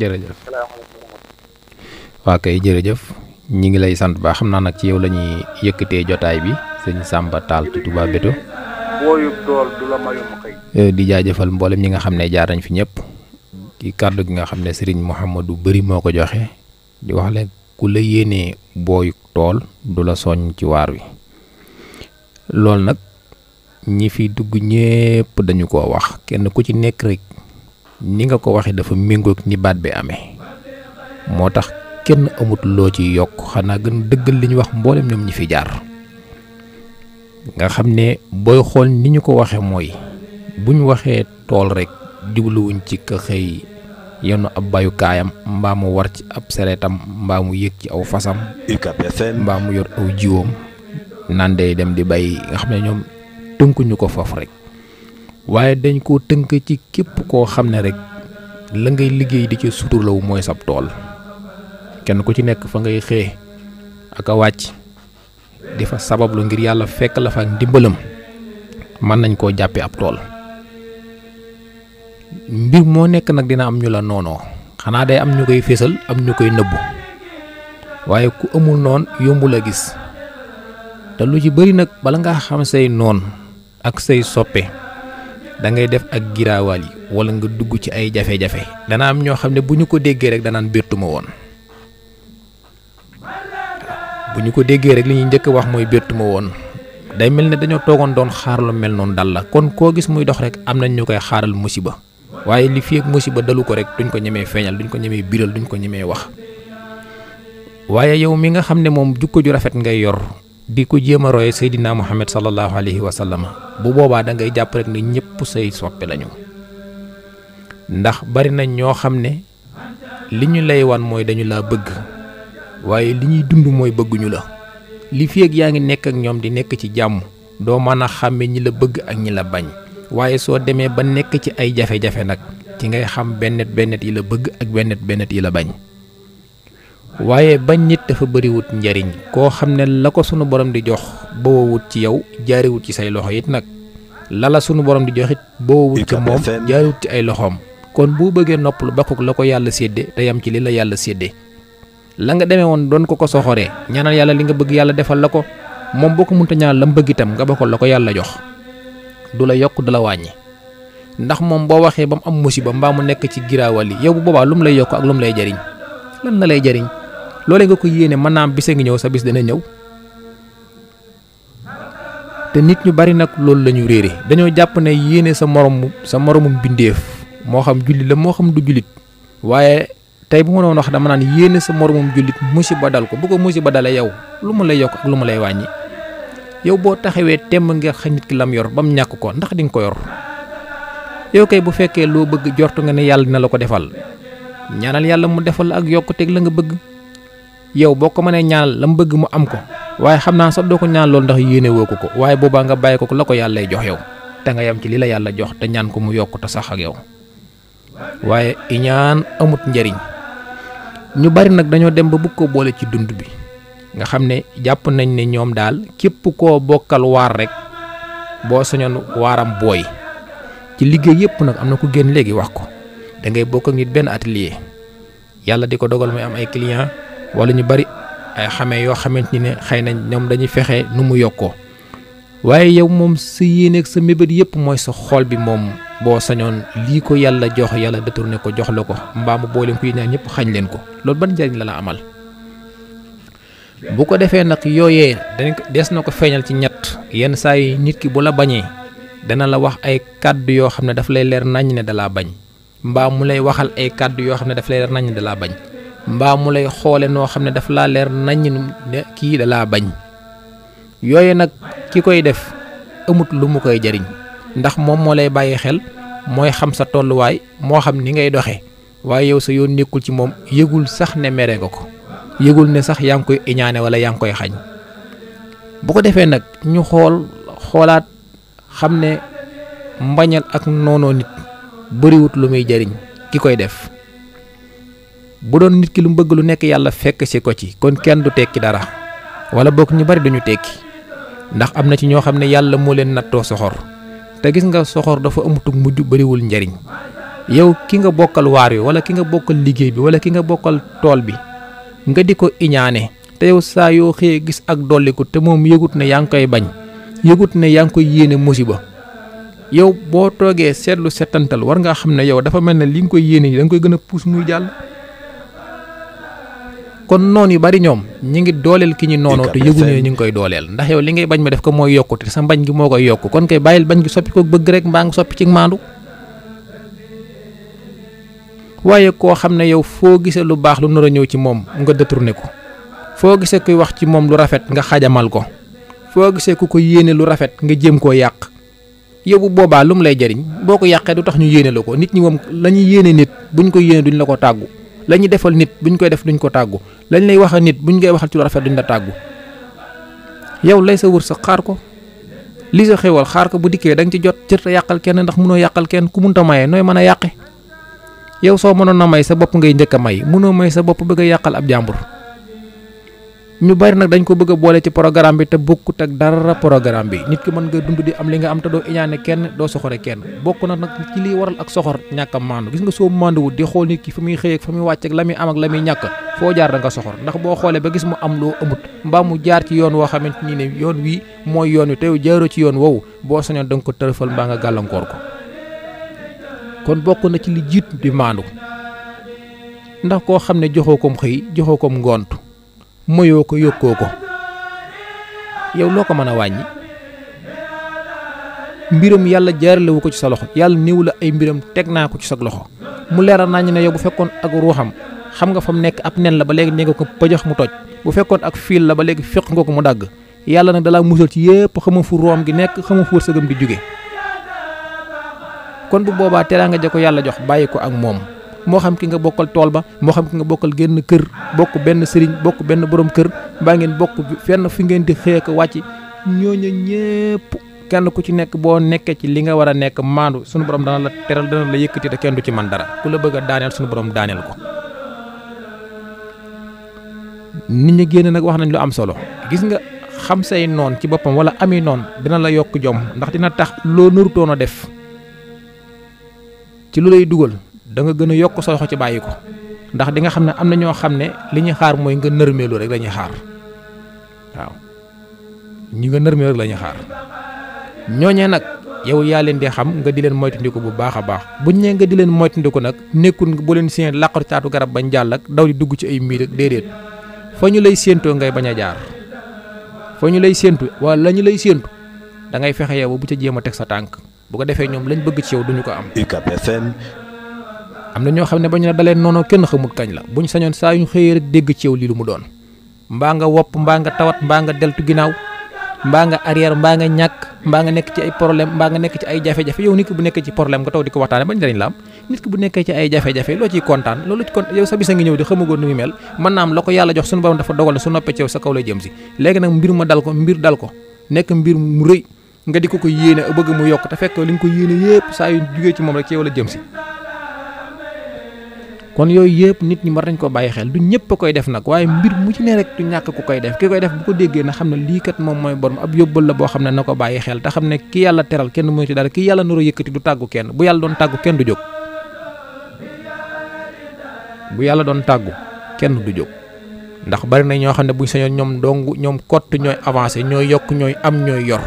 jërëjëf waa kay jërëjëf ñi ngi lay sant baax xam naa nag ci yow lañuy ñuy yëkkatee jotaay bi sëñ Samba Tall Touba Béthio wooyu tool du eh, di jaajëfal mboolem ñi nga xam ne jaar nañ fi ñëpp ki kàddu gi nga xam ne sëriñ Mouhamadou bari moo ko joxe di wax leen ku la yéenee booyu tool du la soññ ci waar wi loolu nag ñi fi dugg ñépp dañu ko wax kenn ku ci nekk rek ni nga ko waxee dafa méngoog ni baat bi amee moo tax kenn amut ci yokk xanaa gën dëggal li wax mboolem ñoom ñi fi jaar nga xam ne booy xool ni ñu ko waxee mooy buñ waxee tool rek jubluwuñ ci ka xëy yenn ab bayu kaayam mbaa mu war ci ab sereetam mbaa mu yëg ci aw fasam mbaa mu yor aw jiwoom naan day dem di bay nga xam ne ñoom tënkuñu ko foofu rek waaye dañ koo tënk ci képp koo xam ne rek la ngay liggéey di ci suturlaw mooy sab tool kenn ku ci nekk fa ngay xëye ak a wàcc di fa sabablu ngir yàlla fekk la fa ak ndimbalam mën nañ koo jàppe ab tool mbir moo nekk nag dina am ñu la noonoo xanaa day am ñu koy fésal am ñu koy nëbbu waaye ku amul noon yombul a gis te lu ci bari nag bala ngaa xam say noon ak say soppe da ngay def ak giraawaal yi wala nga dugg ci ay jafe-jafe dana am ñoo xam ne bu ñu ko déggee rek danaan béttuma woon bu ñu ko déggee rek li ñuy njëkk wax mooy béttuma woon day mel ne dañoo toogoon doon xaar lu mel noonu dal la kon koo gis muy dox rek am nañ ñu koy xaaral musiba waaye li fi ak musiba dalu ko rek duñ ko ñemee feeñal duñ ko ñemee biral duñu ko ñemee wax waaye yow mi nga xam ne moom jukko ju rafet ngay yor. di ko jéem a roye Seydina Muhammad sallallahu alayhi wa sallam bu boobaa dangay ngay jàpp rek ne ñëpp say soppe lañu ndax bari nañ ñoo xam ne li ñu lay wan mooy dañu laa bëgg waaye li ñuy dund mooy bëgguñu la li fi ak yaa ngi nekk ak ñoom di nekk ci jàmm doo mën a xàmme ñi la bëgg ak ñi la bañ waaye soo demee ba nekk ci ay jafe-jafe nag ci ngay xam bennet bennet yi la bëgg ak bennet bennet yi la bañ. waaye bañ nit dafa bëriwut njariñ koo xam ne la ko sunu borom di jox bawawut ci yow jaariwut ci say loxo it nag lala sunu borom di jox it bawawut ci moom jaariwut ci ay loxoom kon bu bëggee noppalu bakkuk la ko yàlla sédde te yam ci li la yàlla sédde la nga demee woon doon ko ko soxoree ñaanal yàlla li nga bëgg yàlla defal la ko moom boo ko mënta ñaanal la bëgg itam nga bakkal la ko yàlla jox du la yokk du la wàññi ndax moom boo waxee ba mu am musiba mbaa mu nekk ci giraawal yi yow bu boobaa lu lay yokk ak lu lay jariñ la lay jariñ loole nga ko yéene mën naa am bise ngi ñëw sa bis dana ñëw te nit ñu bari nag loolu la ñu réere dañoo jàpp ne yéene sa morom sa moromum bindeef moo xam jullit la moo xam du jullit waaye tey bu ma doon wax dama naan yéene sa moromum jullit musiba dal ko bu ko ba dalee yow lu ma lay yokk ak lu ma lay wàññi yow boo taxawee temm ngir xañ nit ki lam yor ba mu ñàkk ko ndax di nga ko yor yow kay bu fekkee loo bëgg jort nga ne yàlla dina la ko defal ñaanal yàlla mu defal la nga bëgg. yow boo ko mënee ñaanal la mbëgg mu am ko waaye xam naa sax doo ko ñaan loolu ndax yéene woo ko ko waaye boobaa nga bàyyi ko ko la ko yàlla jox yow te ngay am ci li la yàlla jox te ñaan ko mu yokk te sax ak yow waaye iñaan amut njariñ ñu bari nag dañoo dem ba bugg ko boole ci dund bi nga xam ne jàpp nañ ne ñoom daal képp koo bokkal waar rek boo sañoon waaram booy ci liggéey yëpp nag am na ku génn léegi wax ko dangay ngay bokk ak benn atlie yàlla di ko dogal muy am ay client wala ñu bari ay xamee yoo xamante ni ne xëy nañ ñoom dañuy fexe nu mu yokkoo waaye yow moom sa yéeneeg sa mébét yépp mooy sa xool bi moom boo sañoon lii ko yàlla jox yàlla ne ko jox la ko mbaamu boole ko yi ñaar ñëpp xañ leen ko loolu ban njariñ la la amal. bu ko defee nag yooyee dañ ko des na ko feeñal ci ñett yenn saa yi nit ki bu la bañee dana la wax ay kàddu yoo xam ne daf lay leer naññ ne dalaa bañ mbaam mu lay waxal ay kàddu yoo xam ne daf lay leer naññ ne bañ. mbaa mu lay xoole noo xam ne daf laa leer naññ ne kii da laa bañ yooyu nag ki koy def amut lu mu koy jariñ ndax moom moo lay bàyyi xel mooy xam sa tolluwaay moo xam ni ngay doxee waaye yow sa yoon nekkul ci moom yëgul sax ne mere nga ko yëgul ne sax yaa ngi koy iñaane wala yaa ngi koy xañ bu ko defee nag ñu xool xoolaat xam ne mbañal ak noonoo nit bëriwut lu muy jariñ ki koy def bu doon nit ki lu mu bëgg lu nekk yàlla fekk si ko ci kon kenn du tekki dara wala bokk ñu bari dañu tekki ndax am na ci ñoo xam ne yàlla moo leen nattoo soxor te gis nga soxor dafa amutug mujj bariwul njariñ yow ki nga bokkal waar wi wala ki nga bokkal liggéey bi wala ki nga bokkal tool bi nga di ko iñaane te yow saa yoo xëyee gis ak dolliku te moom yëgut ne yaa ngi koy bañ yëgut ne yaa ngi koy yéene musiba yow boo toogee seetlu setantal war ngaa xam ne yow dafa mel ne li nga koy yéene yi koy gën a puus muy jàll kon noon yu bari ñoom ñi ngi dooleel ki ñu noonoo te yëguñu ñu ngi koy dooleel ndax yow li ngay bañ ma def ko mooy yokkute sa mbañ gi moo koy yokk kon kay bàyyil bañ gi soppi ko bëgg rek mbaa nga soppi ci maandu waaye koo xam ne yow foo gisee lu baax lu nar a ñëw ci moom nga détourné ko foo gisee kuy wax ci moom lu rafet nga xajamal ko foo gisee ku ko yéene lu rafet nga jéem koo yàq yow bu boobaa lu mu lay jariñ boo ko yàqee du tax ñu yéene la ko nit ñi moom la ñuy yéene nit buñ ko yéene duñ la ko tàggu lañuy defal nit bu ñu koy def duñ ko tàggu lañ lay wax nit bu ñu koy waxal ci lu rafet duñ la tàggu yow lay sa wërsëg xaar ko li sa xewal xaar ko bu dikkee da ci jot sa yàqal kenn ndax mënoo yàqal kenn ku mënta maye nooy mën a yàqe yow soo mënoon a may sa bopp ngay njëkk a may mënoo may sa bopp bëgg a yàqal ab jàmbur ñu bari nag dañ ko bëgga a boole ci programme bi te bokkut ak dara programme bi nit ki mën nga dund di am li nga am te doo iñaane kenn doo soxore kenn bokk na nag ci liy waral ak soxor ñàkka a maandu gis nga soo maanduwul di xool nit ki fa muy xëy ak fa muy wàcc ak la muy am ak la muy ñàkk foo jaar da nga soxor ndax boo xoolee ba gis mu am loo amut mbaa mu jaar ci yoon woo xamante ni ne yoon wii mooy yoon wi te yow jaaroo ci yoon woowu boo sañoon da ko tërëfal mbaa nga gàllankoor bokk na ci li jiit di maandu koo xam ne joxoo kom xëy joxoo kom ngont moyoo ko yokkoo ko yow loo ko mën a wàññi mbiram yàlla jaaralewu ko ci sa loxo yàlla néew la ay mbiram teg naa ko ci sa loxo mu leeral naa ñu ne yow bu fekkoon ak ruuxam xam nga fa mu nekk ab nen la ba léegi ne nga ko pëjëx mu toj bu fekkoon ak fiil la ba léegi fekk nga ko mu dagg yàlla nag dalaa musal ci yépp xama fu room gi nekk xama fu wërsëgam di jóge kon bu boobaa teraanga ja ko yàlla jox bàyyi ko ak moom moo xam ki nga bokkal tool ba moo xam ki nga bokkal génn kër bokk benn sëriñ bokk benn borom kër baa ngeen bokk fenn fi ngeen di xëy ko wàcc ñooñu ñëpp kenn ku ci nekk boo nekkee ci li nga war a nekk maandu sunu borom dana la teral dana la yëkkati te kenn du ci man dara ku la bëgg a daaneel sunu borom daaneel ko. nit ñi génn nag wax nañ lu am solo gis nga xam say noon ci boppam wala ami noon dina la yokk jom ndax dina tax loo nurutoon a def ci lu lay dugal. danga gën a yokk sa loxo ci bàyyi ko ndax di nga xam ne am na ñoo xam ne li ñuy xaar mooy nga nërmeelu rek la ñuy xaar waaw ñi nga nërmeelu rek la xaar ñooñee nag yow yaa leen di xam nga di leen moytandiku bu baax a baax buñ ne nga di leen moytandiku nag nekkul bu leen seen laqatu taatu garab bañ jàll ak daw di dugg ci ay miir ak déedéet fa ñu lay séentoo ngay bañ a jaar fa ñu lay séentu wala la lay séentu da ngay fexe yow bu ca jéem a teg sa tànk bu ko defee ñoom lañ bëgg ci duñu ko am. UCAB FM am na ñoo xam ne ba ñu ne daleen noonu kenn xamul kañ la buñ sañoon saa yu xëyee rek dégg ci yow lii lu mu doon mbaa nga wopp mbaa nga tawat mbaa nga deltu ginnaaw mbaa nga arrière mbaa nga ñàkk mbaa nga nekk ci ay problème mbaa nga nekk ci ay jafe-jafe yow nit ki bu nekkee ci problème nga taw di ko waxtaane ba njëriñ la am nit ki bu nekkee ci ay jafe-jafe loo ciy kontaan loolu ci kon yow sa bis a ngi ñëw di xamagoon nu muy mel mën naa am la ko yàlla jox suñu borom nekk mbir mu rëy nga di ko ko yéene bëgg mu yokk te fekk li ko yéene yépp moom rek la jëm si kon yooyu yëpp nit ñi war nañ ko bàyyi xel du ñëpp a koy def nag waaye mbir mu ci ne rek du ñàkk ku koy def ki koy def bu ko déggee na xam ne lii kat moom mooy borom ab yóbbal la boo xam ne na ko bàyyi xel te xam ne ki yàlla teral kenn mu ci dara ki yàlla nuru yëkkati du tàggu kenn bu yàlla doon tàggu kenn du jóg bu yàlla doon tàggu kenn du jóg ndax bari na ñoo xam ne buñ sañoon ñoom dong ñoom kott ñooy avancé ñooy yokk ñooy am ñooy yor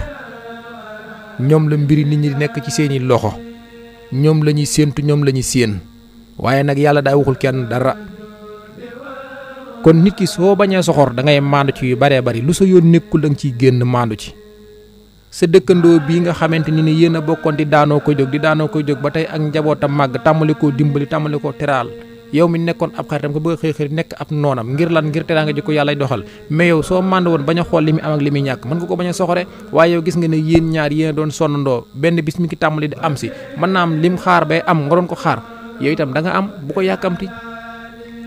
ñoom la mbiri nit ñi nekk ci seeni loxo ñoom la ñuy séentu ñoom la ñuy séen waaye nag yàlla daa waxul kenn dara kon nit ki soo bañee soxor da ngay maandu ci yu bare bari lu sa yoon nekkul da nga ciy génn maandu ci sa dëkkandoo bii nga xamante ni ne yéen a bokkoon di daanoo ko jóg di daanoo ko jóg ba tey ak njaboota màgg tàmmali dimbali tàmmali koo teraal yow mi nekkoon ab xaritam ko bëgg a xëy nekk ab noonam ngir lan ngir teraanga ji ko yàlla doxal mais yow soo mànd woon bañ a xool li muy am ak li muy ñàkk mën nga ko bañ a soxore waaye gis nga ne yéen ñaar yéen doon sonnandoo benn bis mi ngi tàmmali am si mën naa am lim xaar am nga ko xaar yow itam da am bu ko yàkkamti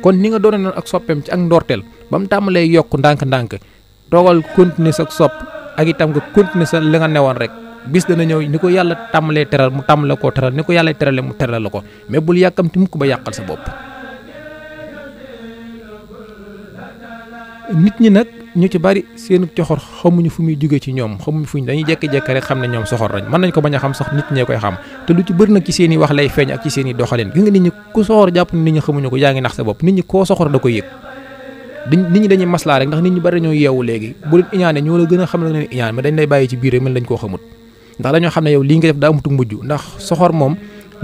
kon ni nga doone noonu ak soppeem ci ak ndorteel ba mu tàmbalee yokk ndànk-ndànk dogal continuer sa sopp ak itam nga continuer sa li nga newoon rek bis dana ñëw ni ko yàlla tàmbalee teral mu la koo teral ni ko yàlla terale mu teral la ko mais bul yàkkamti mukk ba yàqal sa bopp nit ñi nag ñu ci bari seen coxor xamuñu fu muy jóge ci ñoom xamuñu fu ñu dañuy jékki-jékki rek xam ne ñoom soxor lañ mën nañ ko bañ a xam sax nit ñee koy xam te lu ci bëri nag ci seen i wax lay feeñ ak ci seen i doxalin gis nit ñi ku soxor jàpp nit ñi xamuñu ko yaa ngi nax sa bopp nit ñi koo soxor da ko yëg nit ñi dañuy maslaa rek ndax nit ñi bari dañoo yeewu léegi bu leen iñaane ñoo la gën a xam ne leen iñaan mais dañ lay bàyyi ci biir rek mën lañ koo xamut ndax dañoo xam ne yow lii nga def daa amutu mujj ndax soxor moom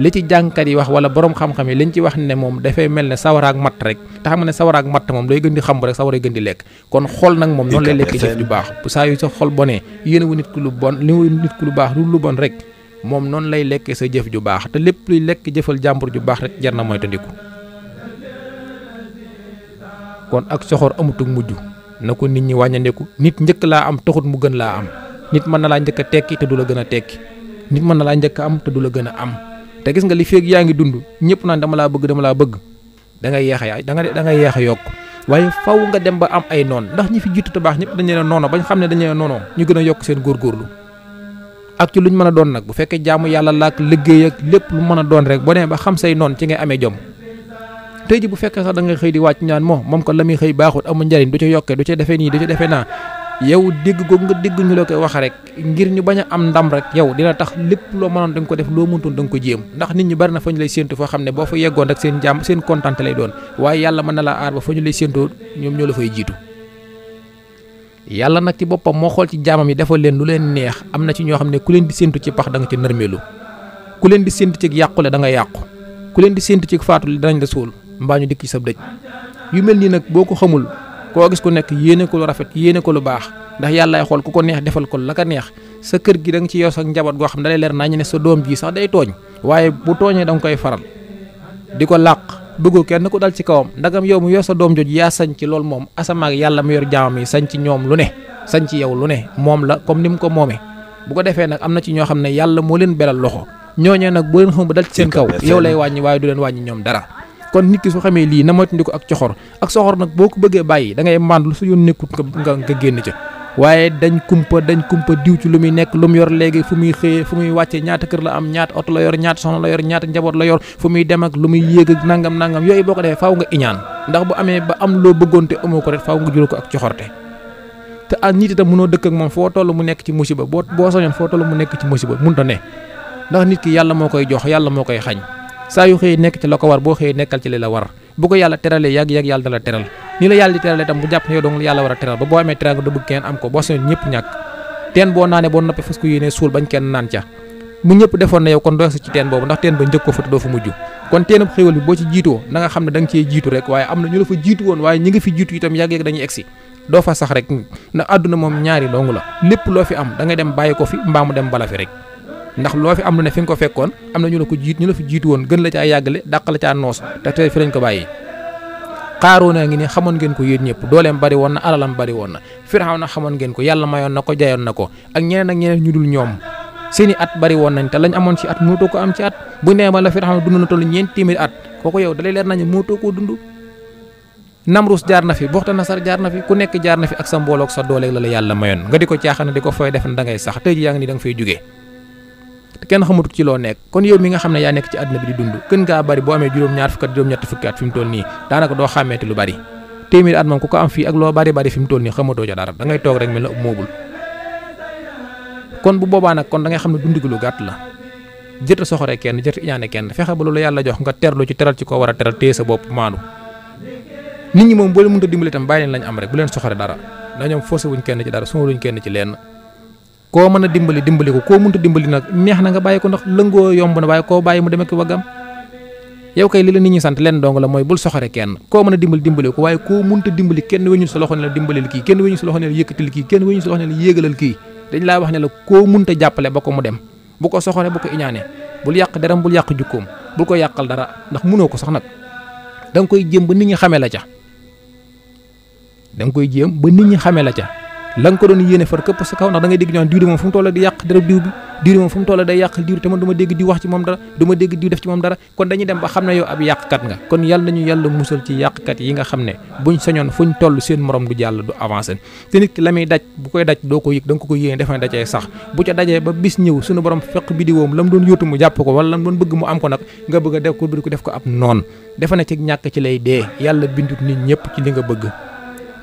li ci jàngkat yi wax wala borom xam-xam yi liñ ci wax ne moom dafay mel ne sawaraak matt rek te xam ne sawaraak matt moom day gën di xam rek sawaray gën di lekk kon xol nag moom noonu lay lekk jëf ju baax saa yu sa xol bonee yéen wu nit ku lu bon li nit lu baax lu lu bon rek moom noonu lay lekkee sa jëf ju baax te lépp luy lekk jëfal jàmbur ju baax rek jar na moytandiku kon ak soxor amutuk mujj na ko nit ñi wàññandiku nit njëkk laa am taxut mu gën laa am nit mën na laa njëkk a tekki te du la gën a tekki nit mën na laa njëkk am te du la gën a am te gis nga li feeg yaa ngi dund ñëpp naan dama laa bëgg dama laa bëgg da ngay yeex a da nga a yokk waaye faw nga dem ba am ay noon ndax ñi fi jiitu te baax ñëpp dañu ne noono ba bañ xam ne dañu leen noono ñu gën a yokk seen góorgóorlu ak ci luñ mën a doon nag bu fekkee jaamu yàlla laak liggéey ak lépp lu mën a doon rek boo demee ba xam say noon ci ngay amee jom tey ji bu fekkee sax da nga xëy di wàcc ñaan moo moom ko la muy xëy baaxut amul njariñ du ca yokkee du ca defee nii du yow dégg ko nga dégg ñu la koy wax rek ngir ñu bañ a am ndam rek yow dina tax lépp loo mënoon da ko def loo mëntoon da ko jéem ndax nit ñi bari na fa ñu lay séentu foo xam ne boo fa yeggoon rek seen jàmm seen kontante lay doon waaye yàlla mën na laa aar ba fa ñu lay séentoo ñoom ñoo la fay jiitu yàlla nag ci boppam moo xool ci jaamam yi defal leen lu leen neex am na ci ñoo xam ne ku leen di séentu ci pax da nga ci nërmeelu ku leen di séentu ci yàqule da nga yàqu ku leen di séentu ci faatu danañ la suul mbaa ñu dikk sa dëj yu koo gis ku nekk yéene ko lu rafet yéene ko lu baax ndax yàllaay xool ku ko neex defal ko la ka neex sa kër gi da ci yow sa njaboot goo xam ne da leer naa ñu ne sa doom ji sax day tooñ waaye bu tooñee danga koy faral di ko làq bëggu kenn ku dal ci kawam ndagam yow mu yor sa doom jooju yaa sañ ci lool moom asamaak yàlla mu yor jaamam yi sañ ci ñoom lu ne sañ ci yow lu ne moom la comme ni mu ko moomee bu ko defee nag am na ci ñoo xam ne yàlla moo leen beral loxo ñooñee nag boo leen xam ba dal seen kaw yow lay wàññi waaye du leen wàññi ñoom dara kon nit ki soo xamee lii na moytandiku ak coxor ak soxor nag boo ko bëggee bàyyi da ngay mànd lu su yoon nga nga génn ca waaye dañ kumpa dañ kumpa diw ci lu muy nekk lu mu yor léegi fu muy xëyee fu muy wàccee ñaata kër la am ñaata oto la yor ñaata soxna la yor ñaata njaboot la yor fu muy dem ak lu muy yéeg ak nangam nangam yooyu boo ko defee faaw nga iñaan ndax bu amee ba am loo bëggoon te amoo ko rek faaw nga jural ko ak coxorte te ah nit itam mënoo dëkk moom foo toll mu nekk ci musiba boo boo soñoon foo toll mu nekk ci musiba munta ne ndax nit ki yàlla moo koy jox yàlla moo koy xañ saa yu xëyee nekk ci la ko war boo xëyee nekkal ci li la war bu ko yàlla teralee yàgg yàgg yàlla da la teral ni la yàlla di teralee tam bu jàpp ne yow dong la yàlla war a teral ba boo ko boo seen ñëpp ñàkk teen boo naanee boo noppee fas ko yéenee suul bañ kenn naan ca mu ñëpp defoon na yow kon doo sa ci teen boobu ndax teen ba njëkk ko fa doo fa mujj kon teenub xéwal bi boo ci jiitoo na nga xam ne da nga cee jiitu rek waaye am na ñu la fa jiitu woon waaye ñi nga fi jiitu itam yàgg-yàgg dañuy egsi doo fa sax rek na àdduna moom ñaari dong la lépp loo fi am da nga dem bàyyi ko fi mbaa mu dem fi rek ndax loo fi am lu ne fi nga ko fekkoon am na ñu la ko jiit ñu la fi jiitu woon gën la caa yàggale dàq la caa noos te tey fi lañ ko bàyyi Qaaruuna ngi ne xamoon ngeen ko yéen ñëpp dooleem bari woon na alalam bari woon na Firawna xamoon ngeen ko yàlla mayoon na ko jayoon na ko ak ñeneen ak ñeneen ñu dul ñoom seeni at bari woon nañ te lañ amoon ci at mënatoo ko am ci at bu nee ma la Firawna dund na toll ñeent at kooku yow dalay leer nañu mënatoo koo dund Namrus jaar na fi Buxta Nasar jaar na fi ku nekk jaar na fi ak sa mbooloog sa dooleeg la la yàlla mayoon nga di ko caaxaan di ko fooy def da ngay sax tey ngi ni da nga kenn xamatu ci loo nekk kon yow mi nga xam ne yaa nekk ci àdduna bi di dund gën ngaa bari boo amee juróom-ñaar fukkat juróom-ñett fukki at fi mu nii daanaka doo xàmmeeti lu bari téeméeri at moom kon bu boobaa nag kon da ngay xam ne dund gi lu gàtt la jëta soxore kenn jëta iñaane kenn fexe ba la yàlla jox nga terlu ci teral ci koo war a teral téye sa bopp maanu nit ñi moom boo leen mënta dimbali itam bàyyi leen lañ am rek bu leen soxore dara kenn ci dara sonal wuñ kenn ci lenn koo mën a dimbali dimbali ko koo mënta dimbali nag neex na nga bàyyi ko ndax lëngoo yomb na waaye koo bàyyi mu demee ki waggam yow kay li la nit ñi sant leen dong la mooy bul soxore kenn koo mën a dimbali dimbali ko waaye koo mënta dimbali kenn weñu sa loxo ne la dimbalil kii kenn weñu sa loxo ne la yëkkatil kii kenn weñu sa loxo ne la yéegalal kii dañ laa wax ne la koo mënta jàppale ba ko mu dem bu ko soxore bu ko iñaanee bul yàq deram bul yàq jukkoom bul ko yàqal dara ndax mënoo ko sax nag da nga koy jéem ba nit ñi xamee la ca koy jéem ba nit ñi xamee la ca la nga ko doon yéene far këpp sa kaw ndax da ngay dégg ñoon diw di moom fu mu toll di yàq dara diw bi diw di moom fu mu toll day yàq diw te man du ma dégg diw wax ci moom dara kon dañuy yàlla nañu yàlla musal ci yàqkat yi nga xam ne buñ sañoon fuñ toll seen morom du jàll du avancé te nit ki la muy daj bu koy daj doo ko yëg da ko ko yéene def na dajee sax bu ca dajee ba bis ñëw sunu borom fekk bidiwoom la mu doon yóotu mu jàpp ko wala la mu doon bëgg mu am ko nag nga bëgg a def ko def ko ab noon defe na ci ñàkk ci lay yàlla bindut nit ñëpp ci nga bëgg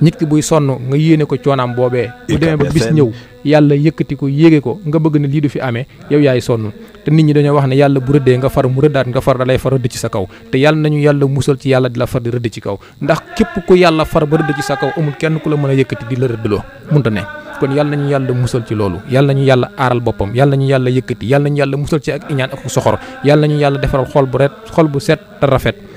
nit ki buy sonn nga yéene ko coonaam boobee bu demee ba bis ñëw yàlla yëkkati ko yéege ko nga bëgg ne lii du fi amee yow yaay sonn te nit ñi dañoo wax ne yàlla bu rëddee nga far mu rëddaat nga far da lay far rëdd ci sa kaw te yàlla nañu yàlla musal ci yàlla di la far di rëdd ci kaw ndax képp ku yàlla far ba rëdd sa kaw amul kenn ku la mën a yëkkati di la rëddloo munta ne kon yàlla nañu yàlla musal ci loolu yàlla ñu yàlla aaral boppam yàlla ñu yàlla yëkkati yàlla nañu yàlla musal ci ak iñaan ak soxor yàlla nañu yàlla defara xol bu ret xol bu set te rafet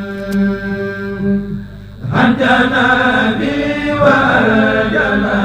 هدى نبي وجلال